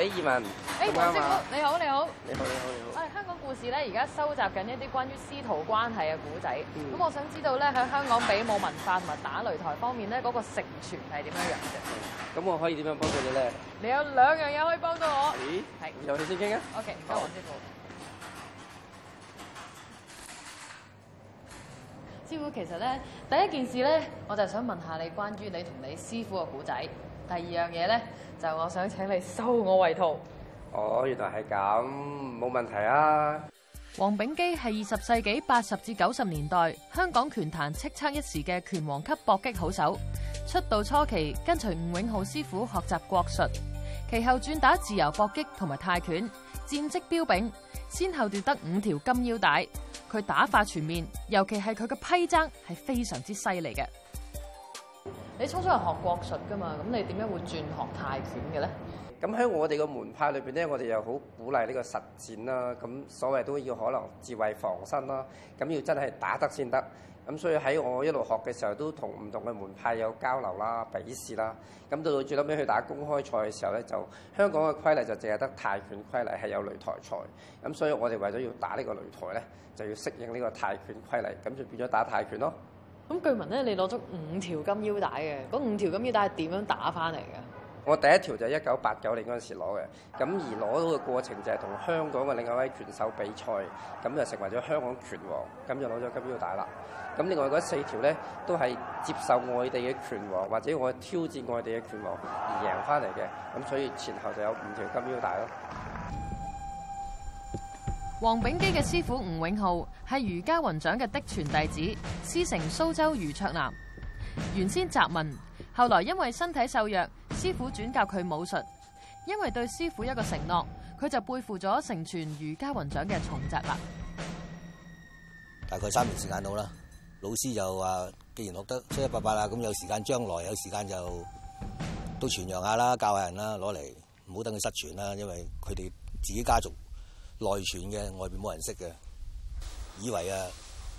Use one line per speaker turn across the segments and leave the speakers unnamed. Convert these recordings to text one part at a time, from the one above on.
李義文，誒、欸，黃師傅，你好，你好，你好，你好，你好。喂，
香港故事咧，而家收集緊一啲關於師徒關係嘅古仔。咁、嗯、我想知道咧，喺香港比武文化同埋打擂台方面咧，嗰、那個成全係點樣樣
嘅？咁我可以點樣幫到你咧？你
有兩樣嘢可以幫到我。咦、欸？係，
由你先傾、okay, 啊。O K，唔
該，黃師傅。師傅，其實咧，第一件事咧，我就想問下你關於你同你師傅嘅古仔。第二樣嘢咧。就我想請你收我為徒。
哦，原來係咁，冇問題啊！
黃秉基係二十世紀八十至九十年代香港拳壇叱咤一時嘅拳王級搏擊好手。出道初期跟隨吳永皓師傅學習國術，其後轉打自由搏擊同埋泰拳，戰績彪炳，先後奪得五條金腰帶。佢打法全面，尤其係佢嘅批踭係非常之犀利嘅。你初初係學國術㗎嘛，咁你點樣會轉學
泰拳嘅咧？咁喺我哋個門派裏邊咧，我哋又好鼓勵呢個實戰啦。咁所謂都要可能自衞防身啦，咁要真係打得先得。咁所以喺我一路學嘅時候，都跟不同唔同嘅門派有交流啦、比試啦。咁到到最後尾去打公開賽嘅時候咧，就香港嘅規例就淨係得泰拳規例係有擂台賽。咁所以我哋為咗要打呢個擂台咧，就要適應呢個泰拳規例，咁就變咗打泰拳咯。
咁據聞咧，你攞咗五條金腰帶嘅，嗰五條金腰帶係點樣打翻嚟嘅？
我第一條就係一九八九年嗰陣時攞嘅，咁而攞到嘅過程就係同香港嘅另外一位拳手比賽，咁就成為咗香港拳王，咁就攞咗金腰帶啦。咁另外嗰四條咧，都係接受外地嘅拳王或者我挑戰外地嘅拳王而贏翻嚟嘅，咁所以前後就有五條金腰帶咯。
黃秉基嘅師傅吳永皓係俞家雲掌嘅嫡傳弟子，師承蘇州余卓南。原先習文，後來因為身體瘦弱，師傅轉教佢武術。因為對師傅一個承諾，佢就背負咗承傳俞家雲掌嘅重責啦。
大概三年時間到啦，老師就話：既然落得七七八八啦，咁有時間將來有時間就都傳揚下啦，教下人啦，攞嚟唔好等佢失傳啦，因為佢哋自己家族。內傳嘅外邊冇人識嘅，以為啊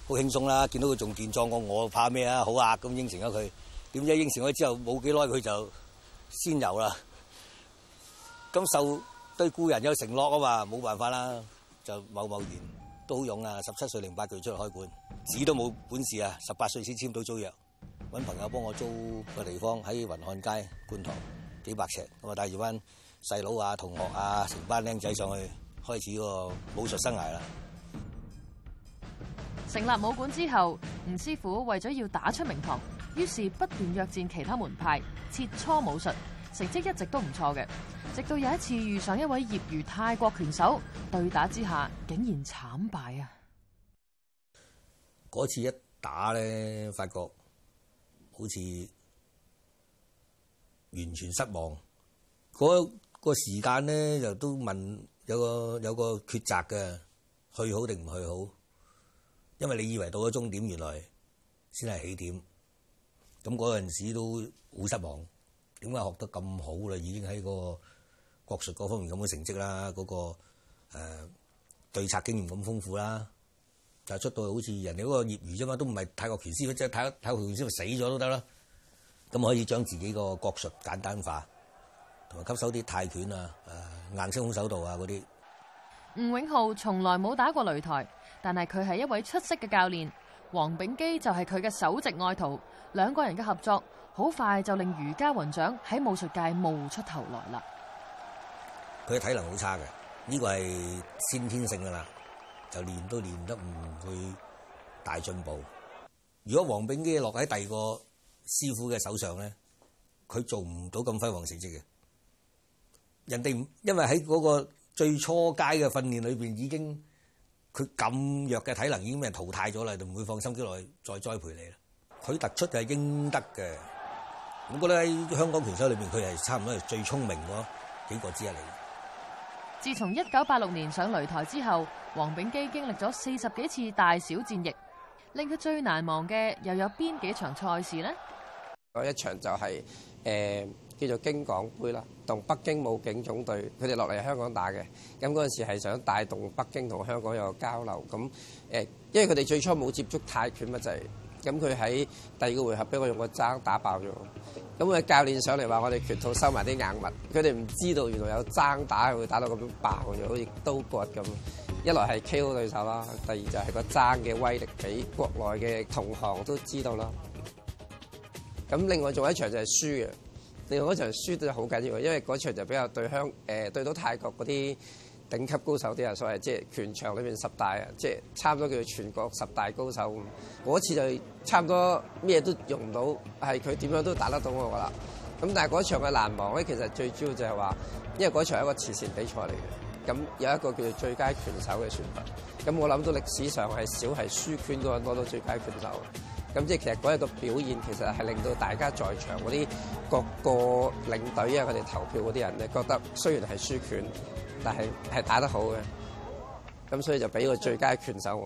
好輕鬆啦。見到佢仲健壯過我，怕咩啊？好啊，咁應承咗佢。點知應承咗之後冇幾耐，佢就仙遊啦。咁受對故人有承諾啊嘛，冇辦法啦，就懵懵然都好勇啊！十七歲零八句出嚟開館，紙都冇本事啊！十八歲先簽到租約，揾朋友幫我租個地方喺雲漢街觀塘幾百尺，咁啊帶住班細佬啊、同學啊、成班僆仔上去。開始個武術生涯啦。
成立武館之後，吳師傅為咗要打出名堂，於是不斷約戰其他門派切磋武術，成績一直都唔錯嘅。直到有一次遇上一位業餘泰國拳手，對打之下竟然慘敗啊！
嗰次一打呢，發覺好似完全失望。嗰、嗰個時間呢，就都問。有個有個抉擇嘅，去好定唔去好？因為你以為到咗終點，原來先係起點。咁嗰陣時都好失望。點解學得咁好啦？已經喺個國術嗰方面咁嘅成績啦，嗰個誒對策經驗咁豐富啦，就出到好似人哋嗰個業餘啫嘛，都唔係泰國拳師，即係泰泰國拳師咪死咗都得啦。咁可以將自己個國術簡單化。同吸收啲泰拳啊、誒、啊、硬式空手道啊嗰啲。
吳永皓從來冇打過擂台，但係佢係一位出色嘅教練。黃秉基就係佢嘅首席愛徒，兩個人嘅合作好快就令俞家雲掌喺武術界冒出頭來啦。
佢嘅體能好差嘅，呢、這個係先天性㗎啦，就練都練得唔會大進步。如果黃秉基落喺第二個師傅嘅手上咧，佢做唔到咁輝煌成績嘅。人哋因為喺嗰個最初階嘅訓練裏邊，已經佢咁弱嘅體能，已經俾人淘汰咗啦，就唔會放心啲落去再栽培你啦。佢突出嘅就係應得嘅。我覺得喺香港拳手裏邊，佢係差唔多係最聰明嗰幾個之一嚟。
自從一九八六年上擂台之後，黃秉基經歷咗四十幾次大小戰役，令佢最難忘嘅又有邊幾場賽事咧？
嗰一場就係誒。叫做京港杯啦，同北京武警總隊，佢哋落嚟香港打嘅。咁嗰陣時係想帶動北京同香港有個交流。咁誒，因為佢哋最初冇接觸泰拳乜滯，咁佢喺第二個回合俾我用個爭打爆咗。咁啊，教練上嚟話我哋拳套收埋啲硬物，佢哋唔知道原來有爭打會打到咁爆，好似刀割咁。一來係 KO 對手啦，第二就係個爭嘅威力，俾國內嘅同行都知道啦。咁另外仲有一場就係輸嘅。你嗰場輸得好緊要，因為嗰場就比較對香誒、呃、對到泰國嗰啲頂級高手啲人，所謂即係、就是、拳場裏邊十大，即、就、係、是、差唔多叫做全國十大高手。嗰次就差唔多咩都用唔到，係佢點樣都打得到我啦。咁但係嗰場嘅難忘咧，其實最主要就係話，因為嗰場係一個慈善比賽嚟嘅，咁有一個叫做最佳拳手嘅選拔。咁我諗到歷史上係少係輸嘅人都攞到最佳拳手。咁即係其實嗰日嘅表現，其實係令到大家在場嗰啲各個領隊啊，佢哋投票嗰啲人咧，覺得雖然係輸拳，但係係打得好嘅。咁所以就俾個最佳的拳手。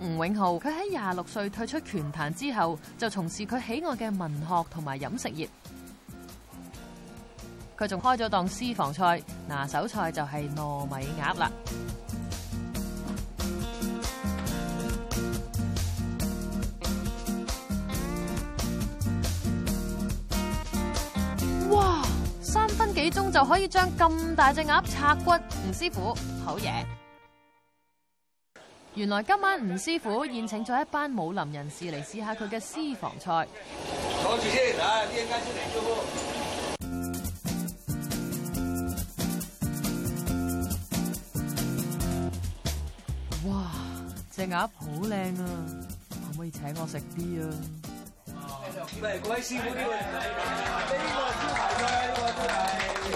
吳永皓，佢喺廿六歲退出拳壇之後，就從事佢喜愛嘅文學同埋飲食業。佢仲開咗檔私房菜，拿手菜就係糯米鴨啦。哇，三分幾鐘就可以將咁大隻鴨拆骨，吳師傅好嘢！原來今晚吳師傅宴請咗一班武林人士嚟試下佢嘅私房菜。坐住
先，啊，啲人嚟
鴨好靚啊！可唔可以請我食啲啊？唔係嗰位師傅點啊？呢個先係嘅，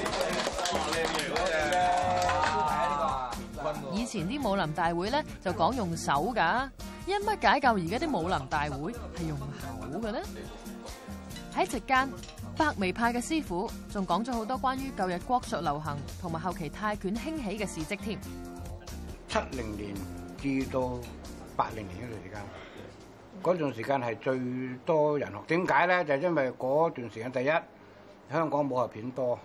呢個
先係。哇！靚嘢喎，呢個。哇！呢個啊，羣
我。以前啲武林大會咧就講用手㗎，因乜解救而家啲武林大會係用口㗎咧？喺席間，白眉派嘅師傅仲講咗好多關於舊日國術流行同埋後期泰拳興起嘅事蹟添。
七零年。至到八零年嗰段時間，嗰段時間係最多人學。點解咧？就是因為嗰段時間第一香港武俠片多，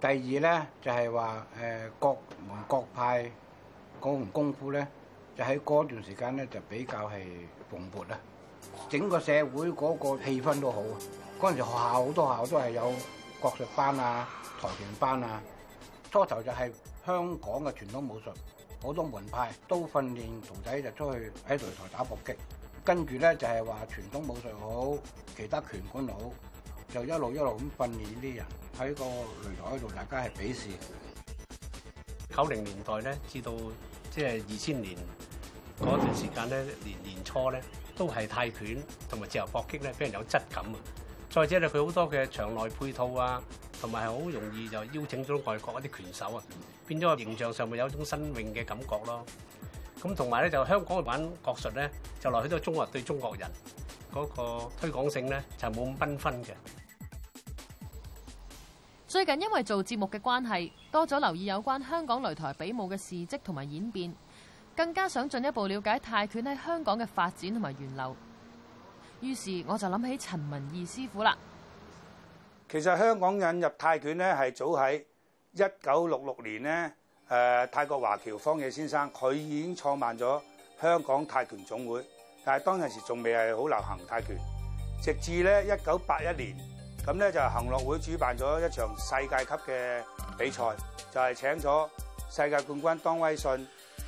第二咧就係話誒各門各派各門功夫咧，就喺嗰段時間咧就比較係蓬勃啦。整個社會嗰個氣氛都好。嗰陣時學校好多學校都係有國術班啊、跆拳班啊。初頭就係香港嘅傳統武術。好多門派都訓練徒弟就出去喺擂台打搏擊，跟住咧就係話傳統武術好，其他拳館好，就一路一路咁訓練啲人喺個擂台度，大家係比試。九
零年代咧，至到即係二千年嗰段時間咧，年年初咧都係泰拳同埋自由搏擊咧，非常有質感啊！再者咧，佢好多嘅場內配套啊，同埋係好容易就邀請咗外國一啲拳手啊！變咗個形象上會有一種新穎嘅感覺咯。咁同埋咧就香港嘅玩國術咧，就來好多中國對中國人嗰個推廣性咧，就冇咁繽紛嘅。
最近因為做節目嘅關係，多咗留意有關香港擂台比武嘅事蹟同埋演變，更加想進一步瞭解泰拳喺香港嘅發展同埋源流。於是我就諗起陳文義師傅啦。
其實香港引入泰拳咧，係早喺一九六六年咧，誒泰國華僑方野先生，佢已經創辦咗香港泰拳總會，但係當陣時仲未係好流行泰拳。直至咧一九八一年，咁咧就行樂會主辦咗一場世界級嘅比賽，就係請咗世界冠軍當威信、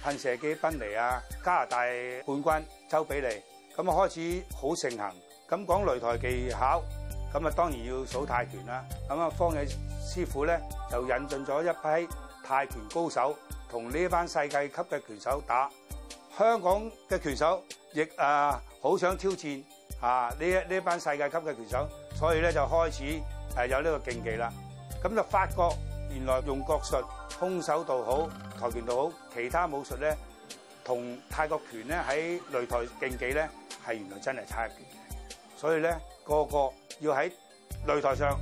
噴射機賓尼啊、加拿大冠軍周比利，咁啊開始好盛行，咁講擂台技巧。咁啊，當然要數泰拳啦。咁啊，方嘅師傅咧就引進咗一批泰拳高手，同呢一班世界級嘅拳手打。香港嘅拳手亦啊好想挑戰啊呢一呢一班世界級嘅拳手，所以咧就開始誒有呢個競技啦。咁就發覺原來用國術、空手道好、跆拳道好，其他武術咧同泰國拳咧喺擂台競技咧係原來真係差一截，所以咧，個個要喺擂台上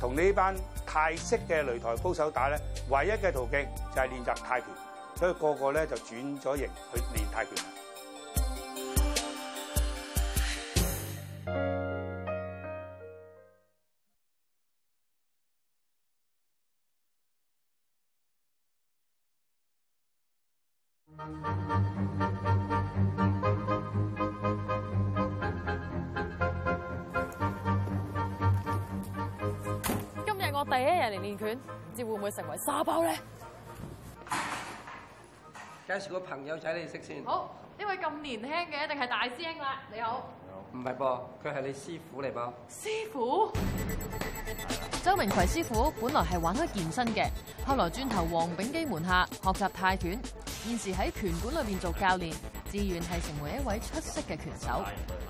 同呢班泰式嘅擂台高手打咧，唯一嘅途徑就係練習泰拳，所以個個咧就轉咗型去練泰拳。
一日嚟練拳，唔知會唔會成為沙包咧？
介紹個朋友仔你識先。
好，呢位咁年輕嘅一定係大師兄
啦。你好。你好。唔係噃，佢係你師傅嚟噃。
師傅？周明奎師傅本來係玩開健身嘅，後來轉投黃秉基門下學習泰拳，現時喺拳館裏邊做教練，志願係成為一位出色嘅拳手。嗯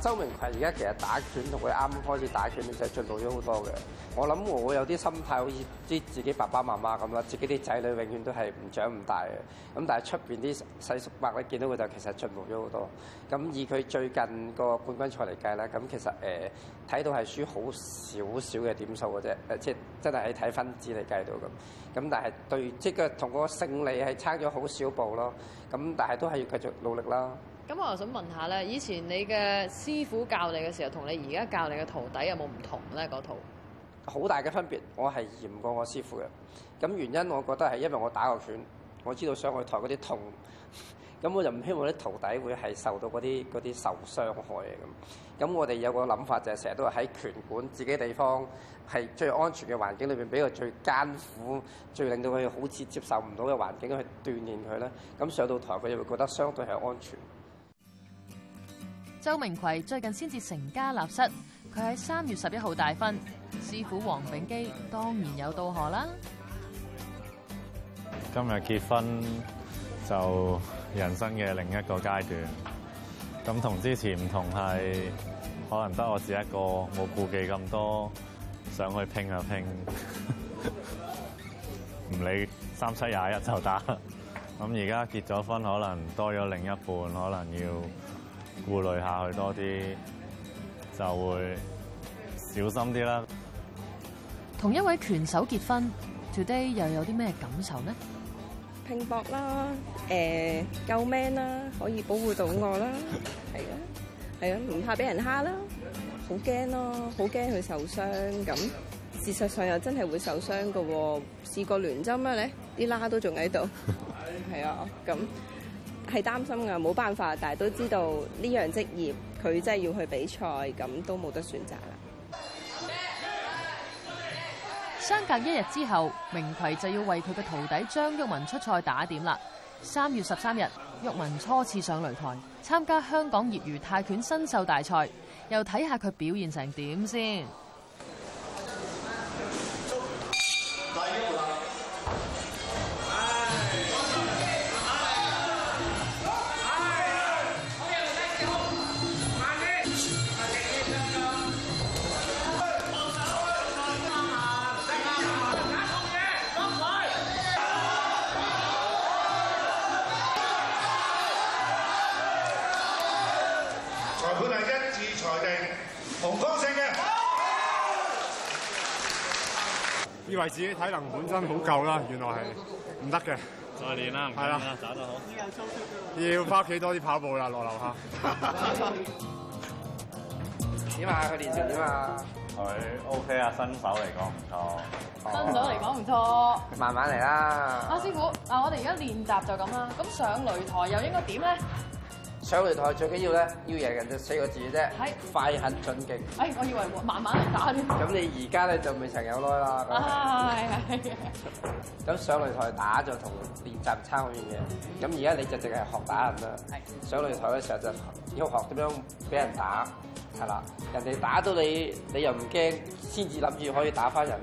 周明逵而家其實打拳同佢啱啱開始打拳，就進步咗好多嘅。我諗我有啲心態，好似啲自己爸爸媽媽咁啦，自己啲仔女永遠都係唔長唔大嘅。咁但係出邊啲細叔伯咧，見到佢就其實進步咗好多。咁以佢最近個冠軍賽嚟計咧，咁其實誒睇到係輸好少少嘅點數嘅啫，誒即係真係喺睇分子嚟計到咁。咁但係對即係同個勝利係差咗好少步咯。咁但係都係要繼續努力啦。
咁我又想問下咧，以前你嘅師傅教你嘅時候，同你而家教你嘅徒弟有冇唔同咧？嗰套
好大嘅分別，我係嚴過我師傅嘅。咁原因我覺得係因為我打過拳，我知道上去台嗰啲痛，咁我就唔希望啲徒弟會係受到嗰啲嗰啲受傷害嘅咁。咁我哋有個諗法就係成日都係喺拳館自己地方，係最安全嘅環境裏邊，俾個最艱苦、最令到佢好似接受唔到嘅環境去鍛煉佢咧。咁上到台，佢就會覺得相對係安全。
周明逵最近先至成家立室，佢喺三月十一號大婚，師傅黃秉基當然有到賀啦。
今日結婚就人生嘅另一個階段，咁同之前唔同係，可能得我自一個冇顧忌咁多，想去拼就拼，唔 理三七廿一就打。咁而家結咗婚，可能多咗另一半，可能要。顧慮一下去多啲，就會小心啲啦。
同一位拳手結婚，today 又有啲咩感
受呢？拼搏啦，誒、呃、夠 man 啦，可以保護到我啦，係 啊，係啊，唔怕俾人蝦啦，好驚咯，好驚佢受傷咁。事實上又真係會受傷噶喎，試過聯針啦，啲啦都仲喺度，係 啊，咁。係擔心噶冇辦法，但係都知道呢樣職業，佢真係要去比賽，咁都冇得選擇啦。
相隔一日之後，明逵就要為佢嘅徒弟張玉文出賽打點啦。三月十三日，玉文初次上擂台，參加香港業餘泰拳新秀大賽，又睇下佢表現成點先。
紅光性嘅，
以為自己的體能本身好夠啦，原來係唔得嘅，再練啦，係啦，走得好，要翻屋企多啲跑步啦，落樓下。
點 啊，佢練成點啊？
佢 OK 啊，新手嚟講唔錯，新手嚟講
唔錯，
慢慢嚟啦。
阿、啊、師
傅，嗱，我哋而家練習就咁啦，咁上擂台又應該點咧？
上擂台最緊要咧，要贏人就四個字啫，快狠準勁。
哎，我以為我慢慢嚟打
添。
咁你而家咧就未曾有耐啦。咁、啊、 上擂台打就同練習差好遠嘅。咁而家你就淨係學打人啦。係。上擂台嘅時候就要學點樣俾人打，係啦。人哋打到你，你又唔驚，先至諗住可以打翻人。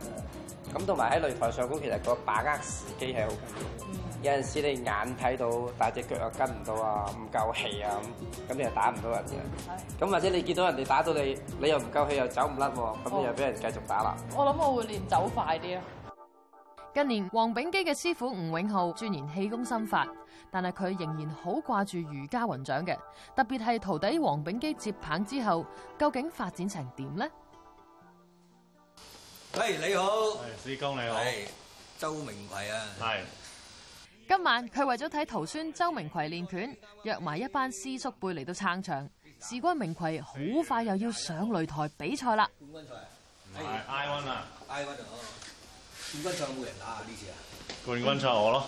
咁同埋喺擂台上高，其實個把握時機係好緊要。有陣時你眼睇到，但係隻腳又跟唔到啊，唔夠氣啊咁，咁你又打唔到人嘅。咁或者你見到人哋打到你，你又唔夠氣又走唔甩喎，咁你又俾人繼續打啦，哦。
我諗我會練走快啲啊。近年黃秉基嘅師傅吳永皓鑽研氣功心法，但係佢仍然好掛住俞家雲掌嘅。特別係徒弟黃秉基接棒之後，究竟發展成點咧？
喂，hey, hey，你好，師公你好，係周明逵啊，係，hey。
今晚佢為咗睇徒孫周明逵練拳，約埋一班師叔輩嚟到撐場。事關明逵好快又要上擂台比賽啦！
冠軍賽係 I o n 啊，I o n 冠軍賽冇人打啊呢次啊！
冠軍賽我咯。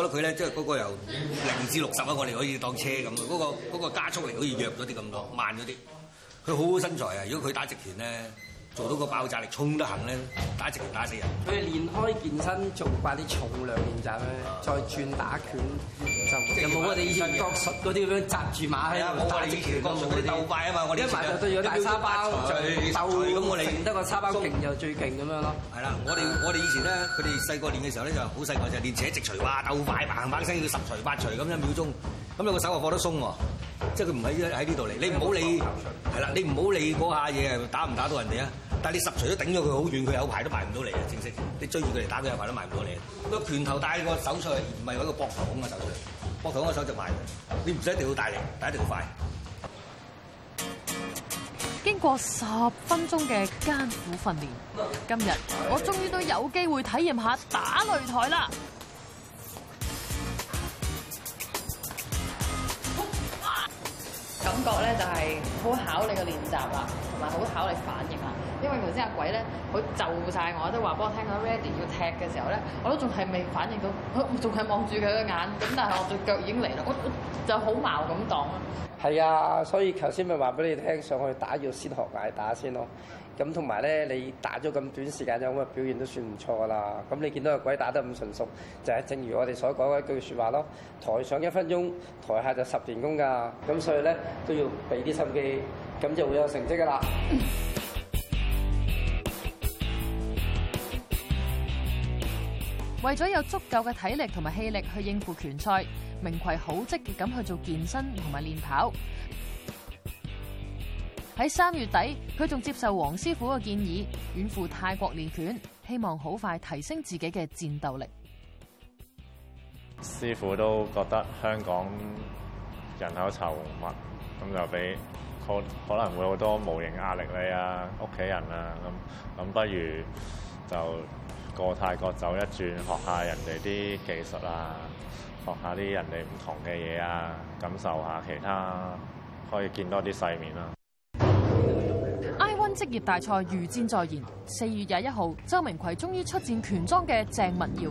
覺得佢咧，即係嗰個由零至六十啊，我哋可以當車咁。嗰個嗰個加速力可以弱咗啲咁多，慢咗啲。佢好好身材啊！如果佢打直拳咧，做到個爆炸力衝得行咧，打直拳打死人。
佢哋練開健身做翻啲重量練習咧，再轉打拳就冇我哋以前國術嗰啲咁樣紮住馬氣。啊！冇我哋以前國術嗰啲鬥快啊嘛！我哋一埋就對住啲沙包就鬥，
咁我哋練得個沙包勁就最勁咁樣咯。係啦，我哋我哋以前咧，佢哋細個練嘅時候咧，就好細個就練扯直捶哇鬥快，嘭嘭聲要十捶八捶咁一秒鐘，咁你、嗰個手又放得鬆喎，即係佢唔喺喺呢度嚟。你唔好理係啦，你唔好理嗰下嘢打唔打到人哋啊！但係你十錘都頂咗佢好遠，佢有排都排唔到你，正式。你追住佢嚟打，佢有排都埋唔到你。個拳頭帶個手出嚟，唔係嗰個膊頭咁嘅手出嚟。膊頭個手就快，你唔使一定要大
力，但一定要快。
經過十分鐘嘅艱苦訓練，今日我終於都有機會體驗下打擂台啦！感覺咧就係好考你嘅練習啦，同埋好考你反應啦！因為頭先阿鬼咧，佢就晒我，即係話幫我聽講 ready 要踢嘅時候咧，我都仲係未反應到，仲係望住佢嘅眼，咁但係我對腳已經嚟啦，我就好矛咁
擋啊。係啊，所以頭先咪話俾你聽，上去打要先學挨打先咯。咁同埋咧，你打咗咁短時間，有乜表現都算唔錯㗎啦。咁你見到阿鬼打得咁純熟，就係正如我哋所講嘅一句説話咯：台上一分鐘，台下就十年功㗎。咁所以咧都要俾啲心機，咁就會有成績㗎啦。
為咗有足夠嘅體力同埋氣力，去應付拳賽，明逵好積極咁去做健身同埋練跑。喺三月底，佢仲接受黃師傅嘅建議，遠赴泰國練拳，希望好快提升自己嘅戰鬥力。
師傅都覺得香港人口稠密，咁就畀可可能會好多無形壓力你啊，屋企人啊，咁咁不如就。過泰國走一轉，學下人哋啲技術啊，學下啲人哋唔同嘅嘢啊，感受下其他，可以見多啲世面啦。
IWIN 職業大賽如箭在弦，四月廿一號，周明逵終於出戰拳莊嘅鄭文耀。